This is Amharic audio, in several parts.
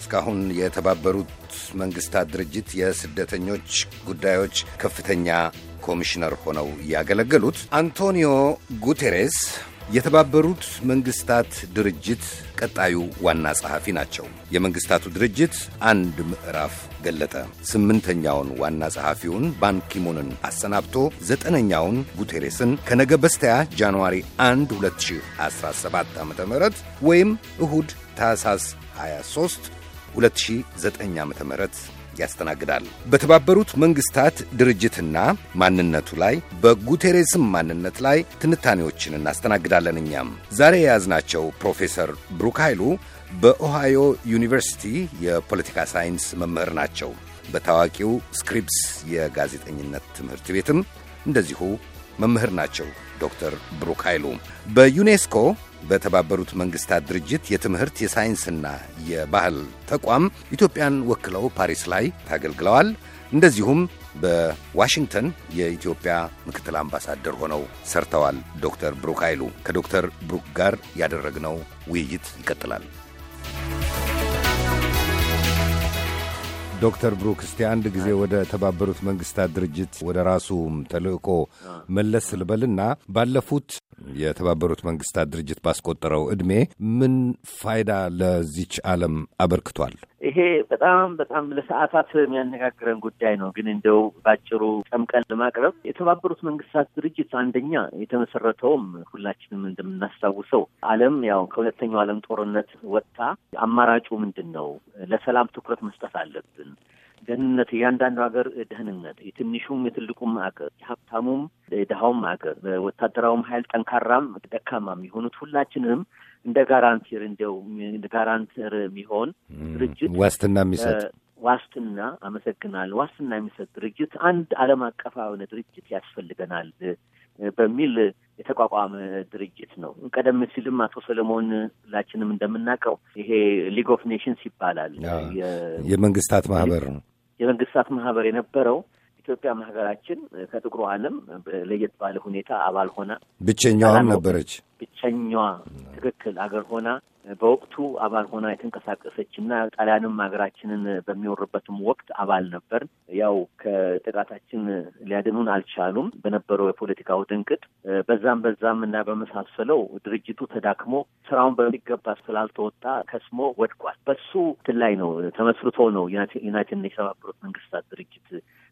እስካሁን የተባበሩት መንግስታት ድርጅት የስደተኞች ጉዳዮች ከፍተኛ ኮሚሽነር ሆነው ያገለገሉት አንቶኒዮ ጉቴሬስ የተባበሩት መንግስታት ድርጅት ቀጣዩ ዋና ጸሐፊ ናቸው። የመንግስታቱ ድርጅት አንድ ምዕራፍ ገለጠ ስምንተኛውን ዋና ጸሐፊውን ባንኪሙንን አሰናብቶ ዘጠነኛውን ጉቴሬስን ከነገ በስቲያ ጃንዋሪ 1 2017 ዓ ም ወይም እሁድ ታህሳስ 23 2009 ዓ ም ያስተናግዳል። በተባበሩት መንግስታት ድርጅትና ማንነቱ ላይ በጉቴሬስም ማንነት ላይ ትንታኔዎችን እናስተናግዳለን። እኛም ዛሬ የያዝናቸው ፕሮፌሰር ብሩክ ኃይሉ በኦሃዮ ዩኒቨርሲቲ የፖለቲካ ሳይንስ መምህር ናቸው። በታዋቂው ስክሪፕስ የጋዜጠኝነት ትምህርት ቤትም እንደዚሁ መምህር ናቸው። ዶክተር ብሩክ ኃይሉ በዩኔስኮ በተባበሩት መንግስታት ድርጅት የትምህርት የሳይንስና የባህል ተቋም ኢትዮጵያን ወክለው ፓሪስ ላይ ታገልግለዋል። እንደዚሁም በዋሽንግተን የኢትዮጵያ ምክትል አምባሳደር ሆነው ሰርተዋል። ዶክተር ብሩክ ኃይሉ ከዶክተር ብሩክ ጋር ያደረግነው ውይይት ይቀጥላል። ዶክተር ብሩክ እስቲ አንድ ጊዜ ወደ ተባበሩት መንግስታት ድርጅት ወደ ራሱ ተልእኮ መለስ ስልበልና ባለፉት የተባበሩት መንግስታት ድርጅት ባስቆጠረው እድሜ ምን ፋይዳ ለዚች ዓለም አበርክቷል? ይሄ በጣም በጣም ለሰዓታት የሚያነጋግረን ጉዳይ ነው። ግን እንደው ባጭሩ ጨምቀን ለማቅረብ የተባበሩት መንግስታት ድርጅት አንደኛ የተመሰረተውም ሁላችንም እንደምናስታውሰው ዓለም ያው ከሁለተኛው ዓለም ጦርነት ወጥታ አማራጩ ምንድን ነው፣ ለሰላም ትኩረት መስጠት አለብን ደህንነት፣ እያንዳንዱ ሀገር ደህንነት፣ የትንሹም የትልቁም ሀገር፣ የሀብታሙም የድሃውም ሀገር፣ በወታደራዊም ሀይል ጠንካራም ደካማም የሆኑት ሁላችንም እንደ ጋራንቲር እንደው እንደ ጋራንቲር የሚሆን ድርጅት ዋስትና የሚሰጥ ዋስትና አመሰግናል ዋስትና የሚሰጥ ድርጅት አንድ ዓለም አቀፋዊ የሆነ ድርጅት ያስፈልገናል በሚል የተቋቋመ ድርጅት ነው። ቀደም ሲልም አቶ ሰለሞን ሁላችንም እንደምናውቀው ይሄ ሊግ ኦፍ ኔሽንስ ይባላል የመንግስታት ማህበር ነው። የመንግስታት ማህበር የነበረው ኢትዮጵያም ሀገራችን ከጥቁሩ ዓለም ለየት ባለ ሁኔታ አባል ሆና ብቸኛዋም ነበረች። ብቸኛዋ ትክክል አገር ሆና በወቅቱ አባል ሆና የተንቀሳቀሰች እና ጣሊያንም ሀገራችንን በሚወርበትም ወቅት አባል ነበር። ያው ከጥቃታችን ሊያድኑን አልቻሉም በነበረው የፖለቲካው ድንቅጥ በዛም በዛም እና በመሳሰለው ድርጅቱ ተዳክሞ ስራውን በሚገባ ስላልተወጣ ከስሞ ወድቋል። በሱ ትን ላይ ነው ተመስርቶ ነው ዩናይትድ የተባበሩት መንግስታት ድርጅት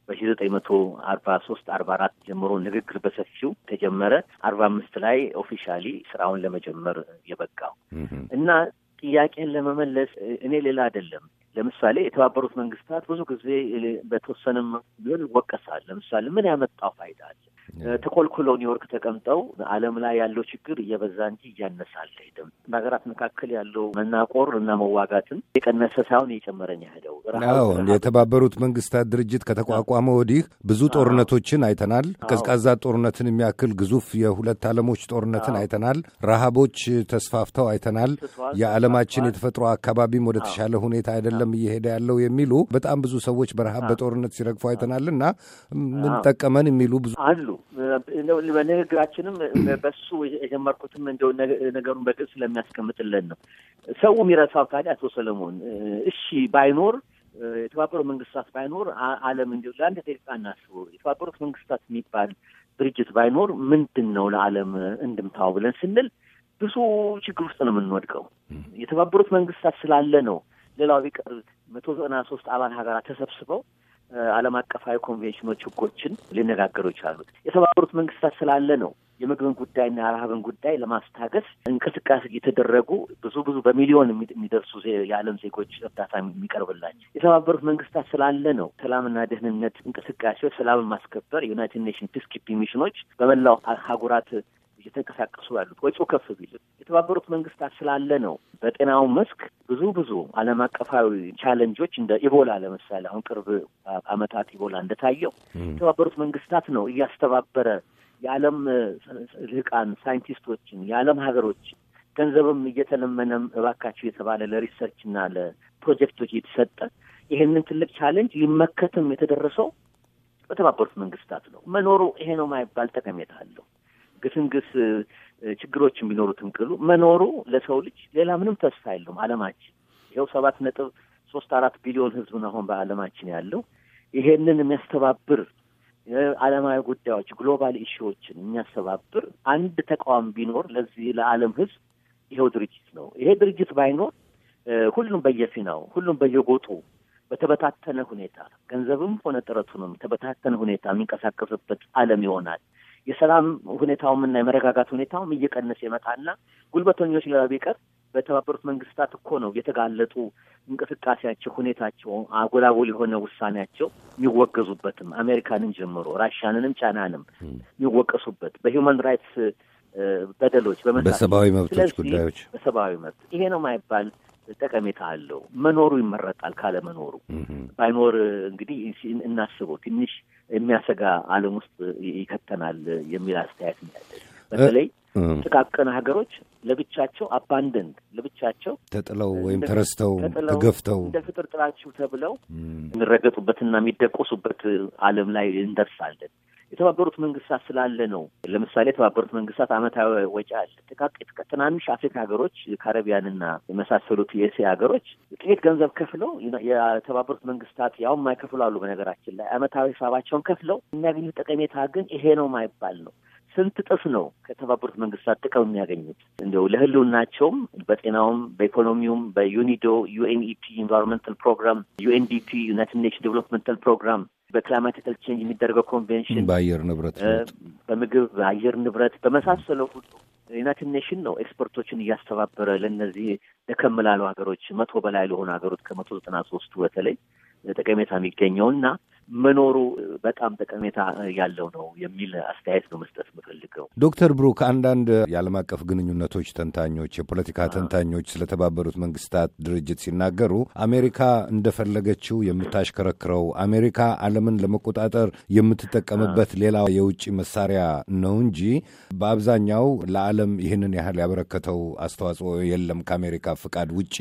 በሺ ዘጠኝ መቶ አርባ ሶስት አርባ አራት ጀምሮ ንግግር በሰፊው ተጀመረ። አርባ አምስት ላይ ኦፊሻሊ ስራውን ለመጀመር የበቃው እና ጥያቄን ለመመለስ እኔ ሌላ አይደለም። ለምሳሌ የተባበሩት መንግስታት ብዙ ጊዜ በተወሰነም ቢሆን ይወቀሳል። ለምሳሌ ምን ያመጣው ፋይዳ አለ? ተኮልኩለው ኒውዮርክ ተቀምጠው ዓለም ላይ ያለው ችግር እየበዛ እንጂ እያነሳ አልሄድም። በሀገራት መካከል ያለው መናቆር እና መዋጋትም የቀነሰ ሳይሆን እየጨመረ ነው የሄደው። የተባበሩት መንግስታት ድርጅት ከተቋቋመ ወዲህ ብዙ ጦርነቶችን አይተናል። ቀዝቃዛ ጦርነትን የሚያክል ግዙፍ የሁለት ዓለሞች ጦርነትን አይተናል። ረሃቦች ተስፋፍተው አይተናል። የዓለማችን የተፈጥሮ አካባቢም ወደ ተሻለ ሁኔታ አይደለም እየሄደ ያለው የሚሉ በጣም ብዙ ሰዎች በረሃብ በጦርነት ሲረግፉ አይተናል እና ምን ጠቀመን የሚሉ ብዙ አሉ። በንግግራችንም በሱ የጀመርኩትም እንደው ነገሩን በግልጽ ስለሚያስቀምጥለን ነው። ሰው የሚረሳው ታዲያ አቶ ሰለሞን እሺ ባይኖር የተባበሩ መንግስታት ባይኖር ዓለም እንዲ ለአንድ ደቂቃ እናስበው። የተባበሩት መንግስታት የሚባል ድርጅት ባይኖር ምንድን ነው ለዓለም እንድምታው ብለን ስንል ብዙ ችግር ውስጥ ነው የምንወድቀው። የተባበሩት መንግስታት ስላለ ነው። ሌላው ቢቀር መቶ ዘጠና ሶስት አባል ሀገራት ተሰብስበው ዓለም አቀፋዊ ኮንቬንሽኖች ህጎችን ሊነጋገሩ የቻሉት የተባበሩት መንግስታት ስላለ ነው። የምግብን ጉዳይና የረሃብን ጉዳይ ለማስታገስ እንቅስቃሴ የተደረጉ ብዙ ብዙ በሚሊዮን የሚደርሱ የዓለም ዜጎች እርዳታ የሚቀርብላቸው የተባበሩት መንግስታት ስላለ ነው። ሰላምና ደህንነት እንቅስቃሴዎች፣ ሰላምን ማስከበር የዩናይትድ ኔሽን ፒስኪፒ ሚሽኖች በመላው ሀጉራት እየተንቀሳቀሱ ያሉት ወጪ ከፍ ቢልም የተባበሩት መንግስታት ስላለ ነው። በጤናው መስክ ብዙ ብዙ ዓለም አቀፋዊ ቻለንጆች እንደ ኢቦላ ለምሳሌ አሁን ቅርብ ዓመታት ኢቦላ እንደታየው የተባበሩት መንግስታት ነው እያስተባበረ የዓለም ልህቃን ሳይንቲስቶችን የዓለም ሀገሮች ገንዘብም እየተለመነም እባካችሁ የተባለ ለሪሰርች እና ለፕሮጀክቶች እየተሰጠ ይህንን ትልቅ ቻለንጅ ሊመከትም የተደረሰው በተባበሩት መንግስታት ነው። መኖሩ ይሄ ነው ማይባል ጠቀሜታ አለው። ግስንግስ ችግሮች የሚኖሩትም ቅሉ መኖሩ ለሰው ልጅ ሌላ ምንም ተስፋ የለውም። አለማችን ይኸው ሰባት ነጥብ ሶስት አራት ቢሊዮን ህዝብን አሁን በአለማችን ያለው ይሄንን የሚያስተባብር አለማዊ ጉዳዮች ግሎባል ኢሽዎችን የሚያስተባብር አንድ ተቃዋም ቢኖር ለዚህ ለአለም ህዝብ ይኸው ድርጅት ነው። ይሄ ድርጅት ባይኖር ሁሉም በየፊናው ሁሉም በየጎጡ በተበታተነ ሁኔታ ገንዘብም ሆነ ጥረቱንም ተበታተነ ሁኔታ የሚንቀሳቀስበት አለም ይሆናል። የሰላም ሁኔታውም እና የመረጋጋት ሁኔታውም እየቀነሰ ይመጣና ጉልበተኞች ቢቀር በተባበሩት መንግስታት እኮ ነው የተጋለጡ እንቅስቃሴያቸው፣ ሁኔታቸው፣ አጎላጎል የሆነ ውሳኔያቸው የሚወገዙበትም አሜሪካንን ጀምሮ ራሽያንንም ጫናንም የሚወቀሱበት በሂውማን ራይትስ በደሎች በሰብአዊ መብቶች ጉዳዮች በሰብአዊ መብት ይሄ ነው ማይባል ጠቀሜታ አለው። መኖሩ ይመረጣል ካለ መኖሩ ባይኖር እንግዲህ እናስበው ትንሽ የሚያሰጋ ዓለም ውስጥ ይከተናል የሚል አስተያየት ነው ያለ። በተለይ ጥቃቅን ሀገሮች ለብቻቸው አባንደንድ ለብቻቸው ተጥለው ወይም ተረስተው ተገፍተው እንደ ፍጥር ጥላችሁ ተብለው የሚረገጡበትና የሚደቆሱበት ዓለም ላይ እንደርሳለን። የተባበሩት መንግስታት ስላለ ነው። ለምሳሌ የተባበሩት መንግስታት አመታዊ ወጪ አለ። ጥቃቅ ትናንሽ አፍሪካ ሀገሮች ካረቢያንና የመሳሰሉት የእስያ ሀገሮች ጥቂት ገንዘብ ከፍለው የተባበሩት መንግስታት ያውም ማይከፍሉ አሉ። በነገራችን ላይ አመታዊ ሂሳባቸውን ከፍለው የሚያገኙት ጠቀሜታ ግን ይሄ ነው ማይባል ነው። ስንት ጥፍ ነው ከተባበሩት መንግስታት ጥቅም የሚያገኙት? እንዲያው ለህልውናቸውም፣ በጤናውም፣ በኢኮኖሚውም፣ በዩኒዶ ዩኤንኢፒ ኢንቫይሮንመንታል ፕሮግራም፣ ዩኤንዲፒ ዩናይትድ ኔሽን ዴቨሎፕመንታል ፕሮግራም በክላይማቲካል ቼንጅ የሚደረገው ኮንቬንሽን፣ በአየር ንብረት በምግብ በአየር ንብረት በመሳሰለው ሁሉ ዩናይትድ ኔሽን ነው ኤክስፐርቶችን እያስተባበረ ለእነዚህ ደከም ላሉ ሀገሮች መቶ በላይ ለሆኑ ሀገሮች ከመቶ ዘጠና ሶስቱ በተለይ ጠቀሜታ የሚገኘው እና መኖሩ በጣም ጠቀሜታ ያለው ነው የሚል አስተያየት ነው መስጠት የምፈልገው። ዶክተር ብሩክ አንዳንድ የዓለም አቀፍ ግንኙነቶች ተንታኞች፣ የፖለቲካ ተንታኞች ስለተባበሩት መንግስታት ድርጅት ሲናገሩ አሜሪካ እንደፈለገችው የምታሽከረክረው አሜሪካ ዓለምን ለመቆጣጠር የምትጠቀምበት ሌላ የውጭ መሳሪያ ነው እንጂ በአብዛኛው ለዓለም ይህንን ያህል ያበረከተው አስተዋጽኦ የለም ከአሜሪካ ፍቃድ ውጪ።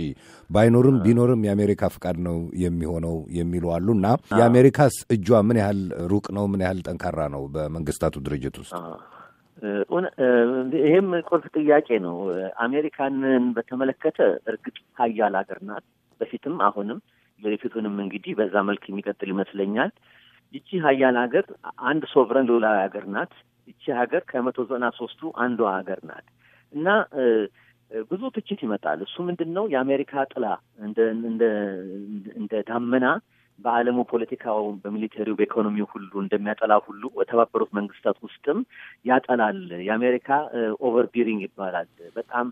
ባይኖርም ቢኖርም የአሜሪካ ፍቃድ ነው የሚሆነው የሚሉ አሉና የአሜሪካ እጇ ምን ያህል ሩቅ ነው? ምን ያህል ጠንካራ ነው? በመንግስታቱ ድርጅት ውስጥ ይህም ቁልፍ ጥያቄ ነው። አሜሪካንን በተመለከተ እርግጥ ሀያል ሀገር ናት። በፊትም አሁንም ወደፊቱንም እንግዲህ በዛ መልክ የሚቀጥል ይመስለኛል። ይቺ ሀያል ሀገር አንድ ሶቨረን ሉዓላዊ ሀገር ናት። ይቺ ሀገር ከመቶ ዘጠና ሶስቱ አንዷ ሀገር ናት እና ብዙ ትችት ይመጣል። እሱ ምንድን ነው የአሜሪካ ጥላ እንደ እንደ እንደ ዳመና በዓለሙ ፖለቲካው፣ በሚሊተሪው፣ በኢኮኖሚው ሁሉ እንደሚያጠላ ሁሉ በተባበሩት መንግስታት ውስጥም ያጠላል። የአሜሪካ ኦቨርቢሪንግ ይባላል። በጣም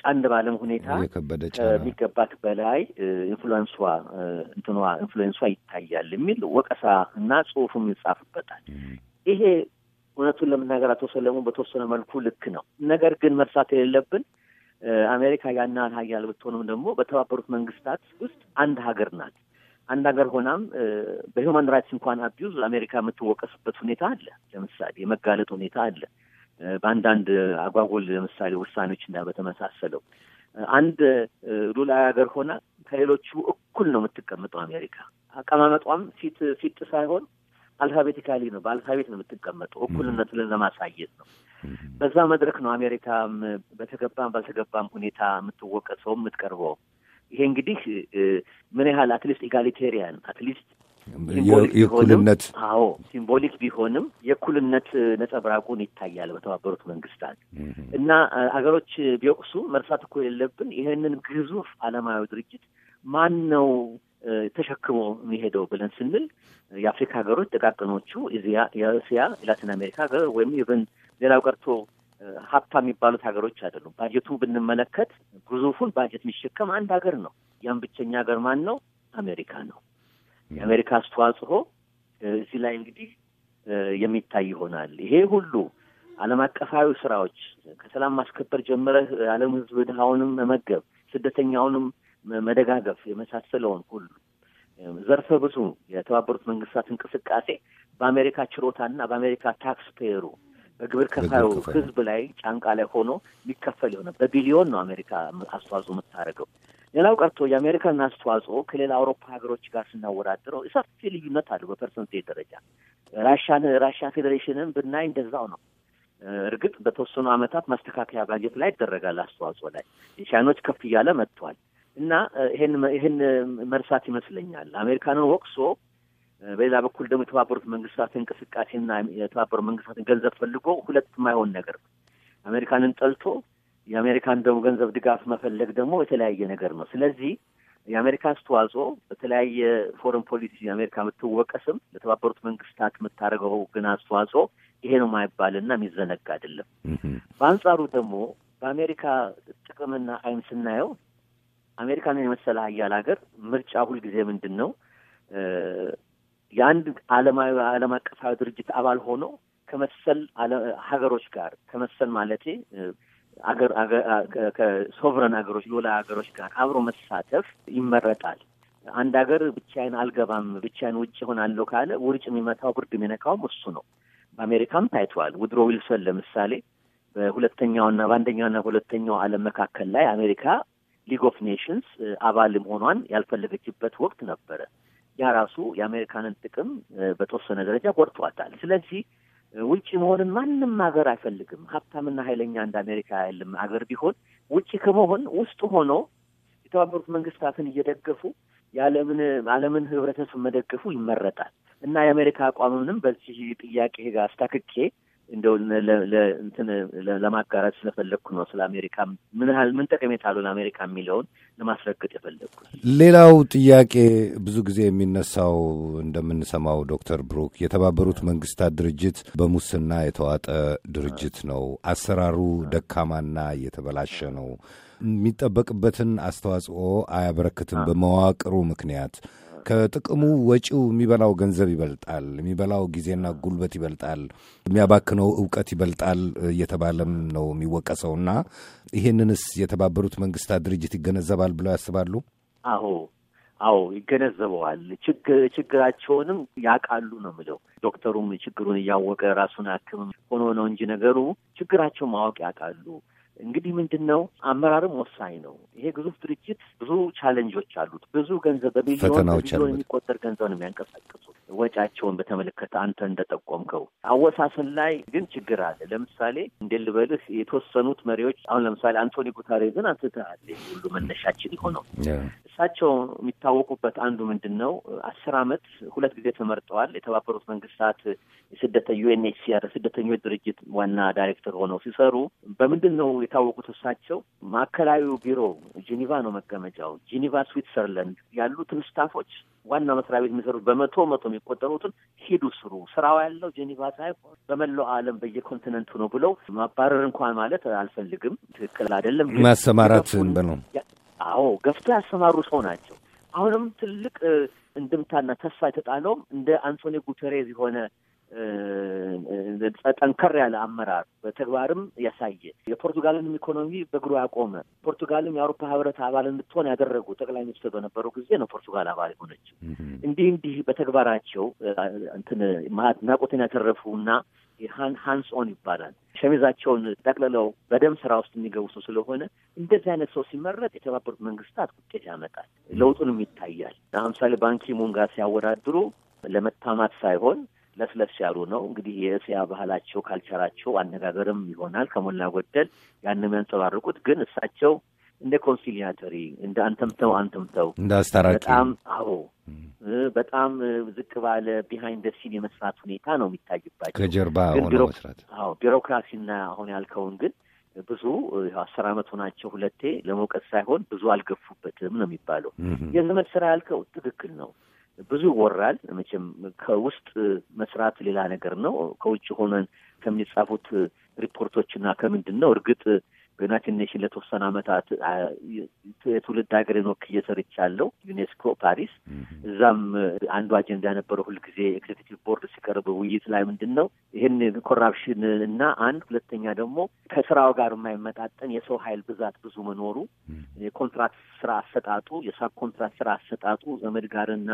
ጫንድ ባለም ሁኔታ ከሚገባት በላይ ኢንፍሉዌንሷ እንትኗ ኢንፍሉዌንሷ ይታያል የሚል ወቀሳ እና ጽሁፍም ይጻፍበታል። ይሄ እውነቱን ለመናገር አቶ ሰለሙ በተወሰነ መልኩ ልክ ነው። ነገር ግን መርሳት የሌለብን አሜሪካ ያናል ሀያል ብትሆንም ደግሞ በተባበሩት መንግስታት ውስጥ አንድ ሀገር ናት። አንድ ሀገር ሆናም በሂውማን ራይትስ እንኳን አቢዩዝ አሜሪካ የምትወቀስበት ሁኔታ አለ። ለምሳሌ የመጋለጥ ሁኔታ አለ በአንዳንድ አጓጉል ለምሳሌ ውሳኔዎች እና በተመሳሰለው አንድ ሉላዊ ሀገር ሆና ከሌሎቹ እኩል ነው የምትቀመጠው አሜሪካ። አቀማመጧም ፊት ፊት ሳይሆን አልፋቤቲካሊ ነው፣ በአልፋቤት ነው የምትቀመጠው። እኩልነትን ለማሳየት ነው። በዛ መድረክ ነው አሜሪካ በተገባም ባልተገባም ሁኔታ የምትወቀሰውም የምትቀርበው። ይሄ እንግዲህ ምን ያህል አትሊስት ኢጋሊቴሪያን አትሊስት የእኩልነት አዎ ሲምቦሊክ ቢሆንም የእኩልነት ነጸብራቁን ይታያል በተባበሩት መንግስታት እና አገሮች ቢወቅሱ መርሳት እኮ የሌለብን ይህንን ግዙፍ አለማዊ ድርጅት ማን ነው ተሸክሞ የሚሄደው ብለን ስንል የአፍሪካ ሀገሮች ጥቃቅኖቹ፣ የእስያ የላቲን አሜሪካ ሀገር ወይም ኢቨን ሌላው ቀርቶ ሀብታም የሚባሉት ሀገሮች አይደሉም። ባጀቱ ብንመለከት ግዙፉን ባጀት የሚሸከም አንድ ሀገር ነው። ያም ብቸኛ ሀገር ማን ነው? አሜሪካ ነው። የአሜሪካ አስተዋጽኦ እዚህ ላይ እንግዲህ የሚታይ ይሆናል። ይሄ ሁሉ ዓለም አቀፋዊ ስራዎች ከሰላም ማስከበር ጀምረህ ዓለም ህዝብ ድሃውንም መመገብ ስደተኛውንም መደጋገፍ የመሳሰለውን ሁሉ ዘርፈ ብዙ የተባበሩት መንግስታት እንቅስቃሴ በአሜሪካ ችሮታና በአሜሪካ ታክስ ፔየሩ በግብር ከፋዩ ህዝብ ላይ ጫንቃ ላይ ሆኖ ሊከፈል የሆነ በቢሊዮን ነው አሜሪካ አስተዋጽኦ የምታደርገው። ሌላው ቀርቶ የአሜሪካን አስተዋጽኦ ከሌላ አውሮፓ ሀገሮች ጋር ስናወዳድረው ሰፊ ልዩነት አለው በፐርሰንቴጅ ደረጃ። ራሻን ራሽያ ፌዴሬሽንን ብናይ እንደዛው ነው። እርግጥ በተወሰኑ ዓመታት ማስተካከያ ባጀት ላይ ይደረጋል አስተዋጽኦ ላይ የቻይኖች ከፍ እያለ መጥቷል እና ይህን መርሳት ይመስለኛል አሜሪካንን ወቅሶ በሌላ በኩል ደግሞ የተባበሩት መንግስታት እንቅስቃሴና የተባበሩት መንግስታትን ገንዘብ ፈልጎ ሁለት የማይሆን ነገር አሜሪካንን ጠልቶ የአሜሪካን ደግሞ ገንዘብ ድጋፍ መፈለግ ደግሞ የተለያየ ነገር ነው። ስለዚህ የአሜሪካ አስተዋጽኦ በተለያየ ፎረን ፖሊሲ የአሜሪካ የምትወቀስም ለተባበሩት መንግስታት የምታደርገው ግን አስተዋጽኦ ይሄ ነው ማይባልና የሚዘነጋ አይደለም። በአንጻሩ ደግሞ በአሜሪካ ጥቅምና አይን ስናየው አሜሪካንን የመሰለ ሀያል ሀገር ምርጫ ሁልጊዜ ምንድን ነው የአንድ ዓለማዊ ዓለም አቀፋዊ ድርጅት አባል ሆኖ ከመሰል ሀገሮች ጋር ከመሰል ማለቴ ከሶቨረን ሀገሮች ሎላ ሀገሮች ጋር አብሮ መሳተፍ ይመረጣል። አንድ ሀገር ብቻዬን አልገባም ብቻዬን ውጭ ሆናለሁ ካለ ውርጭ የሚመታው ብርድ የሚነካውም እሱ ነው። በአሜሪካም ታይተዋል። ውድሮ ዊልሰን ለምሳሌ በሁለተኛውና በአንደኛውና በሁለተኛው ዓለም መካከል ላይ አሜሪካ ሊግ ኦፍ ኔሽንስ አባልም ሆኗን ያልፈለገችበት ወቅት ነበረ። ያ ራሱ የአሜሪካንን ጥቅም በተወሰነ ደረጃ ጎድቷታል። ስለዚህ ውጭ መሆንን ማንም ሀገር አይፈልግም። ሀብታምና ኃይለኛ እንደ አሜሪካ ያለም ሀገር ቢሆን ውጭ ከመሆን ውስጥ ሆኖ የተባበሩት መንግስታትን እየደገፉ የዓለምን ዓለምን ህብረተሰብ መደገፉ ይመረጣል እና የአሜሪካ አቋምንም በዚህ ጥያቄ ጋር አስታክኬ እንደው እንትን ለማጋራት ስለፈለግኩ ነው። ስለ አሜሪካ ምን ያህል ምን ጠቀሜታ አሉን አሜሪካ የሚለውን ለማስረገጥ የፈለግኩ። ሌላው ጥያቄ ብዙ ጊዜ የሚነሳው እንደምንሰማው ዶክተር ብሩክ የተባበሩት መንግስታት ድርጅት በሙስና የተዋጠ ድርጅት ነው፣ አሰራሩ ደካማና የተበላሸ ነው፣ የሚጠበቅበትን አስተዋጽኦ አያበረክትም በመዋቅሩ ምክንያት ከጥቅሙ ወጪው የሚበላው ገንዘብ ይበልጣል፣ የሚበላው ጊዜና ጉልበት ይበልጣል፣ የሚያባክነው እውቀት ይበልጣል እየተባለም ነው እና ይሄንንስ የተባበሩት መንግስታት ድርጅት ይገነዘባል ብለው ያስባሉ? አዎ አዎ ይገነዘበዋል። ችግራቸውንም ያውቃሉ ነው የምለው። ዶክተሩም ችግሩን እያወቀ ራሱን አክምም ሆኖ ነው እንጂ ነገሩ ችግራቸው ማወቅ ያውቃሉ። እንግዲህ ምንድን ነው አመራርም ወሳኝ ነው። ይሄ ግዙፍ ድርጅት ብዙ ቻለንጆች አሉት። ብዙ ገንዘብ በቢሊዮን የሚቆጠር ገንዘብ ነው የሚያንቀሳቅሱት። ወጫቸውን በተመለከተ አንተ እንደጠቆምከው አወሳሰን ላይ ግን ችግር አለ። ለምሳሌ እንደ ልበልህ የተወሰኑት መሪዎች አሁን ለምሳሌ አንቶኒ ጉታሬዝን አንስተሃል። ሁሉ መነሻችን የሆነው እሳቸው የሚታወቁበት አንዱ ምንድን ነው? አስር አመት ሁለት ጊዜ ተመርጠዋል። የተባበሩት መንግስታት የስደተ ዩኤንኤችሲአር ስደተኞች ድርጅት ዋና ዳይሬክተር ሆነው ሲሰሩ በምንድን ነው የታወቁት? እሳቸው ማዕከላዊው ቢሮ ጂኒቫ ነው መቀመጫው፣ ጂኒቫ ስዊትዘርላንድ ያሉትን ስታፎች ዋና መስሪያ ቤት የሚሰሩት በመቶ መቶ የሚቆጠሩትን ሂዱ ስሩ፣ ስራው ያለው ጄኔቫ ሳይሆን በመላው ዓለም በየኮንቲነንቱ ነው ብለው ማባረር እንኳን ማለት አልፈልግም፣ ትክክል አይደለም። ማሰማራት ነው። አዎ ገፍቶ ያሰማሩ ሰው ናቸው። አሁንም ትልቅ እንድምታና ተስፋ የተጣለውም እንደ አንቶኒ ጉተሬዝ የሆነ ጠንከር ያለ አመራር በተግባርም ያሳየ የፖርቱጋልንም ኢኮኖሚ በእግሩ ያቆመ ፖርቱጋልም የአውሮፓ ህብረት አባል እንድትሆን ያደረጉ ጠቅላይ ሚኒስትር በነበረው ጊዜ ነው ፖርቱጋል አባል የሆነችው። እንዲህ እንዲህ በተግባራቸው እንትን አድናቆትን ያተረፉ እና ሃንስ ኦን ይባላል ሸሚዛቸውን ጠቅልለው በደም ስራ ውስጥ የሚገቡ ሰው ስለሆነ እንደዚህ አይነት ሰው ሲመረጥ የተባበሩት መንግስታት ውጤት ያመጣል፣ ለውጡንም ይታያል። ለምሳሌ ባንኪሙን ጋር ሲያወዳድሩ ለመታማት ሳይሆን ለስለስ ያሉ ነው። እንግዲህ የእስያ ባህላቸው ካልቸራቸው አነጋገርም ይሆናል ከሞላ ጎደል ያን የሚያንጸባርቁት ግን እሳቸው እንደ ኮንሲሊያተሪ እንደ አንተምተው አንተምተው እንደ አስታራቂ በጣም አዎ በጣም ዝቅ ባለ ቢሃይንድ ሲን የመስራት ሁኔታ ነው የሚታይባቸው ከጀርባ ሆነ መስራት። አዎ ቢሮክራሲና አሁን ያልከውን ግን ብዙ አስር አመት ሆናቸው ሁለቴ ለመውቀት ሳይሆን ብዙ አልገፉበትም ነው የሚባለው። የዘመድ ስራ ያልከው ትክክል ነው። ብዙ ይወራል። መቼም ከውስጥ መስራት ሌላ ነገር ነው። ከውጭ ሆነን ከሚጻፉት ሪፖርቶችና ከምንድን ነው እርግጥ በዩናይትድ ኔሽን ለተወሰነ ዓመታት የትውልድ ሀገሬን ወክዬ ሰርቻለሁ። ዩኔስኮ ፓሪስ፣ እዛም አንዱ አጀንዳ ነበረው ሁልጊዜ ኤግዜክቲቭ ቦርድ ሲቀርብ ውይይት ላይ ምንድን ነው ይህን ኮራፕሽን እና አንድ ሁለተኛ ደግሞ ከስራው ጋር የማይመጣጠን የሰው ኃይል ብዛት ብዙ መኖሩ፣ የኮንትራክት ስራ አሰጣጡ፣ የሳብ ኮንትራክት ስራ አሰጣጡ ዘመድ ጋርና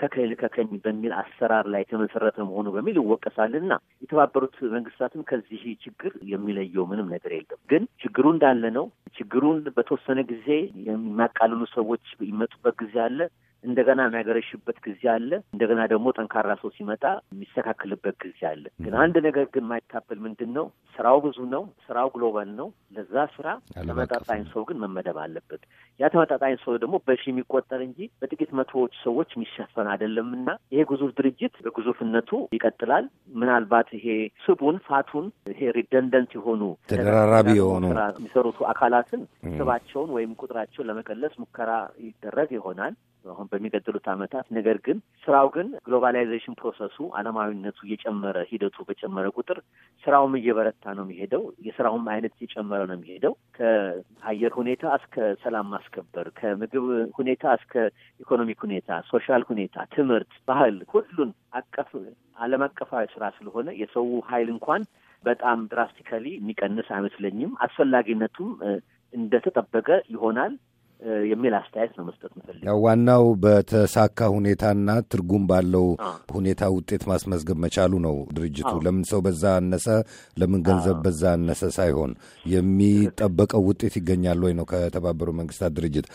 ከክልል ከቀኝ በሚል አሰራር ላይ የተመሰረተ መሆኑ በሚል ይወቀሳልና የተባበሩት መንግስታትም ከዚህ ችግር የሚለየው ምንም ነገር የለም። ግን ችግሩ እንዳለ ነው። ችግሩን በተወሰነ ጊዜ የሚያቃልሉ ሰዎች ይመጡበት ጊዜ አለ። እንደገና የሚያገረሽበት ጊዜ አለ። እንደገና ደግሞ ጠንካራ ሰው ሲመጣ የሚስተካከልበት ጊዜ አለ። ግን አንድ ነገር ግን የማይታበል ምንድን ነው? ስራው ብዙ ነው። ስራው ግሎባል ነው። ለዛ ስራ ተመጣጣኝ ሰው ግን መመደብ አለበት። ያ ተመጣጣኝ ሰው ደግሞ በሺ የሚቆጠር እንጂ በጥቂት መቶዎች ሰዎች የሚሸፈን አይደለም እና ይሄ ግዙፍ ድርጅት በግዙፍነቱ ይቀጥላል። ምናልባት ይሄ ስቡን ፋቱን ይሄ ሪደንደንት የሆኑ ተደራራቢ የሆኑ የሚሰሩት አካላትን ስባቸውን ወይም ቁጥራቸውን ለመቀለስ ሙከራ ይደረግ ይሆናል። አሁን በሚቀጥሉት ዓመታት። ነገር ግን ስራው ግን ግሎባላይዜሽን ፕሮሰሱ አለማዊነቱ እየጨመረ ሂደቱ በጨመረ ቁጥር ስራውም እየበረታ ነው የሚሄደው። የስራውም አይነት እየጨመረ ነው የሚሄደው ከአየር ሁኔታ እስከ ሰላም ማስከበር፣ ከምግብ ሁኔታ እስከ ኢኮኖሚክ ሁኔታ፣ ሶሻል ሁኔታ፣ ትምህርት፣ ባህል ሁሉን አቀፍ አለም አቀፋዊ ስራ ስለሆነ የሰው ኃይል እንኳን በጣም ድራስቲካሊ የሚቀንስ አይመስለኝም። አስፈላጊነቱም እንደተጠበቀ ይሆናል። የሚል አስተያየት ነው መስጠት ምፈልግ። ዋናው በተሳካ ሁኔታና ትርጉም ባለው ሁኔታ ውጤት ማስመዝገብ መቻሉ ነው። ድርጅቱ ለምን ሰው በዛ አነሰ፣ ለምን ገንዘብ በዛ አነሰ ሳይሆን የሚጠበቀው ውጤት ይገኛል ወይ ነው ከተባበሩ መንግስታት ድርጅት።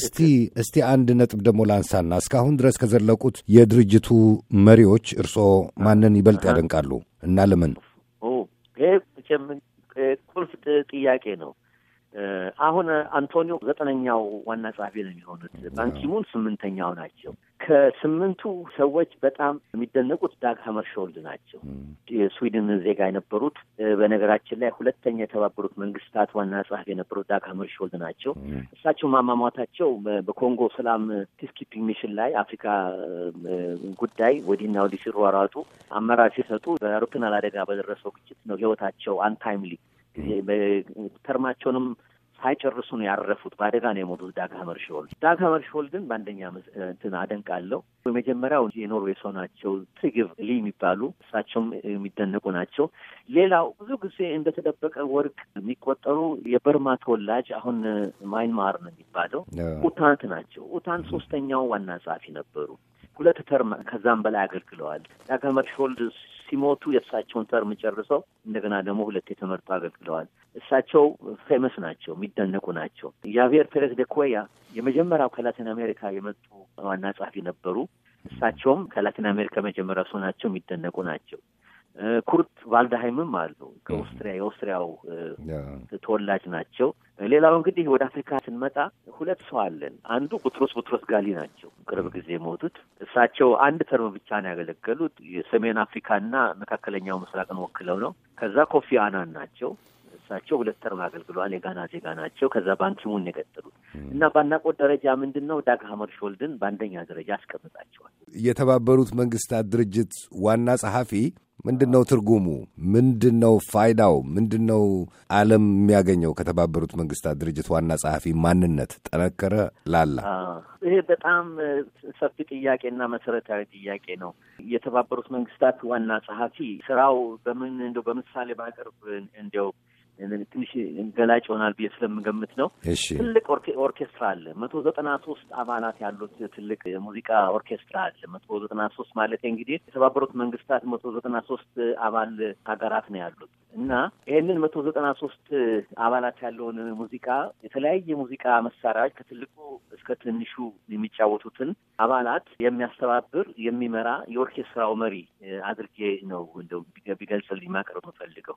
እስቲ እስቲ አንድ ነጥብ ደግሞ ላንሳና እስካሁን ድረስ ከዘለቁት የድርጅቱ መሪዎች እርስዎ ማንን ይበልጥ ያደንቃሉ እና ለምን? ይሄ ቁልፍ ጥያቄ ነው። አሁን አንቶኒዮ ዘጠነኛው ዋና ጸሐፊ ነው የሚሆኑት። ባንኪሙን ስምንተኛው ናቸው። ከስምንቱ ሰዎች በጣም የሚደነቁት ዳግ ሀመርሾልድ ናቸው። የስዊድን ዜጋ የነበሩት በነገራችን ላይ ሁለተኛ የተባበሩት መንግስታት ዋና ጸሐፊ የነበሩት ዳግ ሀመርሾልድ ናቸው። እሳቸው ማማሟታቸው በኮንጎ ሰላም ፒስኪፒንግ ሚሽን ላይ አፍሪካ ጉዳይ ወዲህና ወዲህ ሲሯሯጡ አመራር ሲሰጡ በአውሮፕላን አደጋ በደረሰው ግጭት ነው ህይወታቸው አንታይምሊ ጊዜ ተርማቸውንም ሳይጨርሱ ነው ያረፉት። በአደጋ ነው የሞቱት ዳግ ሀመርሾልድ። ዳግ ሀመርሾልድን በአንደኛ እንትን አደንቃለሁ። የመጀመሪያው የኖርዌይ ሰው ናቸው፣ ትግብ ሊ የሚባሉ እሳቸውም የሚደነቁ ናቸው። ሌላው ብዙ ጊዜ እንደተደበቀ ወርቅ የሚቆጠሩ የበርማ ተወላጅ አሁን ማይንማር ነው የሚባለው ኡታንት ናቸው። ኡታንት ሶስተኛው ዋና ጸሐፊ ነበሩ። ሁለት ተርም ከዛም በላይ አገልግለዋል። ዳግመር ሾልድ ሲሞቱ የእሳቸውን ተርም ጨርሰው እንደገና ደግሞ ሁለት የተመርጡ አገልግለዋል። እሳቸው ፌመስ ናቸው፣ የሚደነቁ ናቸው። ዣቪየር ፔሬዝ ደ ኩዌያ የመጀመሪያው ከላቲን አሜሪካ የመጡ ዋና ጸሐፊ ነበሩ። እሳቸውም ከላቲን አሜሪካ መጀመሪያ ሰው ናቸው፣ የሚደነቁ ናቸው። ኩርት ቫልደሃይምም አሉ ከኦስትሪያ የኦስትሪያው ተወላጅ ናቸው። ሌላው እንግዲህ ወደ አፍሪካ ስንመጣ ሁለት ሰው አለን። አንዱ ቡትሮስ ቡትሮስ ጋሊ ናቸው፣ ቅርብ ጊዜ የሞቱት እሳቸው አንድ ተርም ብቻ ነው ያገለገሉት። የሰሜን አፍሪካና መካከለኛው ምስራቅን ወክለው ነው። ከዛ ኮፊ አናን ናቸው እሳቸው ሁለት ተርም አገልግለዋል። የጋና ዜጋ ናቸው። ከዛ ባንኪሙን የቀጠሉት እና በአድናቆት ደረጃ ምንድን ነው ዳግ ሀመርሾልድን በአንደኛ ደረጃ አስቀምጣቸዋል። የተባበሩት መንግስታት ድርጅት ዋና ጸሐፊ ምንድን ነው ትርጉሙ? ምንድን ነው ፋይዳው? ምንድን ነው ዓለም የሚያገኘው ከተባበሩት መንግስታት ድርጅት ዋና ጸሐፊ ማንነት ጠነከረ ላላ? ይሄ በጣም ሰፊ ጥያቄና መሰረታዊ ጥያቄ ነው። የተባበሩት መንግስታት ዋና ጸሐፊ ስራው በምን እንደው በምሳሌ ባቅርብ እንደው ትንሽ ገላጭ ይሆናል ብዬ ስለምገምት ነው። ትልቅ ኦርኬስትራ አለ። መቶ ዘጠና ሶስት አባላት ያሉት ትልቅ የሙዚቃ ኦርኬስትራ አለ። መቶ ዘጠና ሶስት ማለት እንግዲህ የተባበሩት መንግስታት መቶ ዘጠና ሶስት አባል ሀገራት ነው ያሉት። እና ይህንን መቶ ዘጠና ሶስት አባላት ያለውን ሙዚቃ የተለያየ ሙዚቃ መሳሪያዎች ከትልቁ እስከ ትንሹ የሚጫወቱትን አባላት የሚያስተባብር የሚመራ የኦርኬስትራው መሪ አድርጌ ነው እንደው ቢገልጽልኝ ማቅረብ የምፈልገው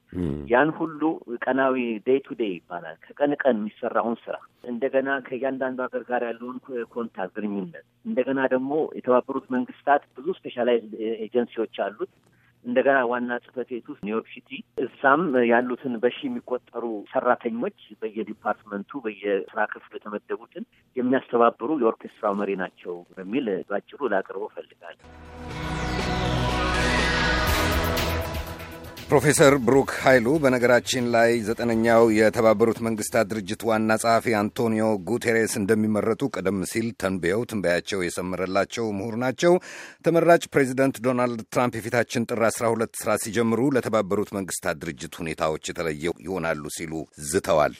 ያን ሁሉ ቀናዊ ዴይ ቱ ዴይ ይባላል ከቀን ቀን የሚሰራውን ስራ እንደገና ከእያንዳንዱ ሀገር ጋር ያለውን ኮንታክት ግንኙነት እንደገና ደግሞ የተባበሩት መንግስታት ብዙ ስፔሻላይዝ ኤጀንሲዎች አሉት እንደገና ዋና ጽህፈት ቤት ውስጥ ኒውዮርክ ሲቲ እዛም ያሉትን በሺ የሚቆጠሩ ሰራተኞች በየዲፓርትመንቱ በየስራ ክፍል የተመደቡትን የሚያስተባብሩ የኦርኬስትራው መሪ ናቸው በሚል ባጭሩ ላቅርቦ ፈልጋለሁ። ፕሮፌሰር ብሩክ ኃይሉ በነገራችን ላይ ዘጠነኛው የተባበሩት መንግስታት ድርጅት ዋና ጸሐፊ አንቶኒዮ ጉቴሬስ እንደሚመረጡ ቀደም ሲል ተንብየው ትንበያቸው የሰመረላቸው ምሁር ናቸው። ተመራጭ ፕሬዚደንት ዶናልድ ትራምፕ የፊታችን ጥር 12 ስራ ሲጀምሩ ለተባበሩት መንግስታት ድርጅት ሁኔታዎች የተለየ ይሆናሉ ሲሉ ዝተዋል።